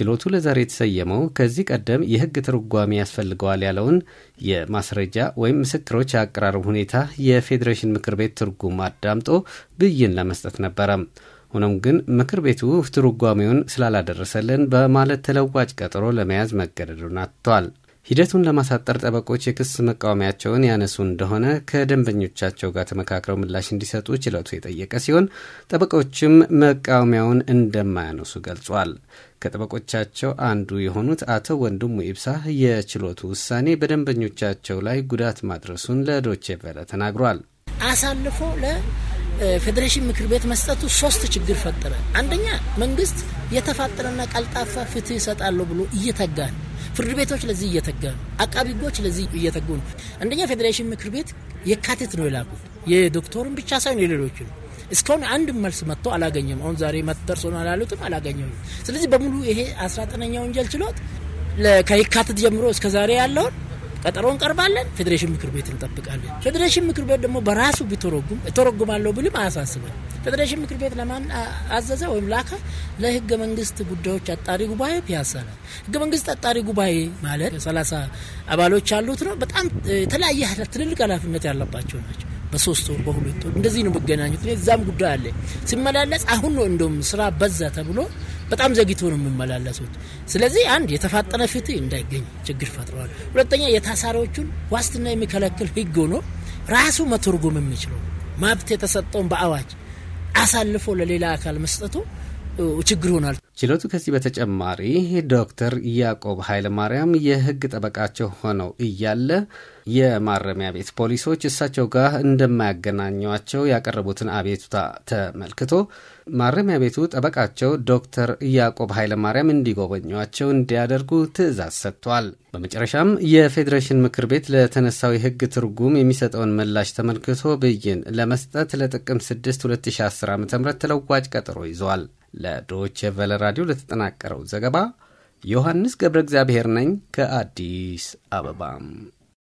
ችሎቱ ለዛሬ የተሰየመው ከዚህ ቀደም የህግ ትርጓሚ ያስፈልገዋል ያለውን የማስረጃ ወይም ምስክሮች የአቀራረብ ሁኔታ የፌዴሬሽን ምክር ቤት ትርጉም አዳምጦ ብይን ለመስጠት ነበረ። ሆኖም ግን ምክር ቤቱ ትርጓሚውን ስላላደረሰልን በማለት ተለዋጭ ቀጠሮ ለመያዝ መገደዱን አጥቷል። ሂደቱን ለማሳጠር ጠበቆች የክስ መቃወሚያቸውን ያነሱ እንደሆነ ከደንበኞቻቸው ጋር ተመካክረው ምላሽ እንዲሰጡ ችሎቱ የጠየቀ ሲሆን ጠበቆችም መቃወሚያውን እንደማያነሱ ገልጿል። ከጠበቆቻቸው አንዱ የሆኑት አቶ ወንድሙ ኢብሳ የችሎቱ ውሳኔ በደንበኞቻቸው ላይ ጉዳት ማድረሱን ለዶቼ ቬለ ተናግሯል። አሳልፎ ፌዴሬሽን ምክር ቤት መስጠቱ ሶስት ችግር ፈጠረ። አንደኛ መንግስት የተፋጠነና ቀልጣፋ ፍትህ ይሰጣለሁ ብሎ እየተጋ ነው። ፍርድ ቤቶች ለዚህ እየተጋ ነው። አቃቢ ህጎች ለዚህ እየተጉ ነው። አንደኛ ፌዴሬሽን ምክር ቤት የካቲት ነው የላኩት የዶክተሩን ብቻ ሳይሆን የሌሎች ነው። እስካሁን አንድ መልስ መጥቶ አላገኘም። አሁን ዛሬ መጥተርሶ ነው አላሉትም፣ አላገኘም። ስለዚህ በሙሉ ይሄ አስራ ዘጠነኛ ወንጀል ችሎት ከየካቲት ጀምሮ እስከ ዛሬ ያለውን ቀጠሮ እንቀርባለን፣ ፌዴሬሽን ምክር ቤት እንጠብቃለን። ፌዴሬሽን ምክር ቤት ደግሞ በራሱ ቢተረጉም እተረጉማለሁ ብልም አያሳስበን። ፌዴሬሽን ምክር ቤት ለማን አዘዘ ወይም ላከ? ለህገ መንግስት ጉዳዮች አጣሪ ጉባኤ ፒያሳ ነው። ህገ መንግስት አጣሪ ጉባኤ ማለት ሰላሳ አባሎች ያሉት ነው። በጣም የተለያየ ትልልቅ ኃላፊነት ያለባቸው ናቸው። በሶስት ወር በሁለት ወር እንደዚህ ነው የሚገናኙት። እዛም ጉዳይ አለ ሲመላለስ አሁን ነው እንደውም ስራ በዛ ተብሎ በጣም ዘግይቶ ነው የሚመላለሱት። ስለዚህ አንድ የተፋጠነ ፍትህ እንዳይገኝ ችግር ፈጥረዋል። ሁለተኛ የታሳሪዎቹን ዋስትና የሚከለክል ህግ ሆኖ ራሱ መተርጎም የሚችለው መብት የተሰጠውን በአዋጅ አሳልፎ ለሌላ አካል መስጠቱ ችግር ይሆናል። ችሎቱ ከዚህ በተጨማሪ ዶክተር ያዕቆብ ኃይለማርያም የህግ ጠበቃቸው ሆነው እያለ የማረሚያ ቤት ፖሊሶች እሳቸው ጋር እንደማያገናኟቸው ያቀረቡትን አቤቱታ ተመልክቶ ማረሚያ ቤቱ ጠበቃቸው ዶክተር ያዕቆብ ኃይለማርያም እንዲጎበኟቸው እንዲያደርጉ ትዕዛዝ ሰጥቷል። በመጨረሻም የፌዴሬሽን ምክር ቤት ለተነሳው ህግ ትርጉም የሚሰጠውን ምላሽ ተመልክቶ ብይን ለመስጠት ለጥቅም 6 2010 ዓ ም ተለዋጭ ቀጠሮ ይዟል። ለዶቼ ቨለ ራዲዮ ለተጠናቀረው ዘገባ ዮሐንስ ገብረ እግዚአብሔር ነኝ ከአዲስ አበባም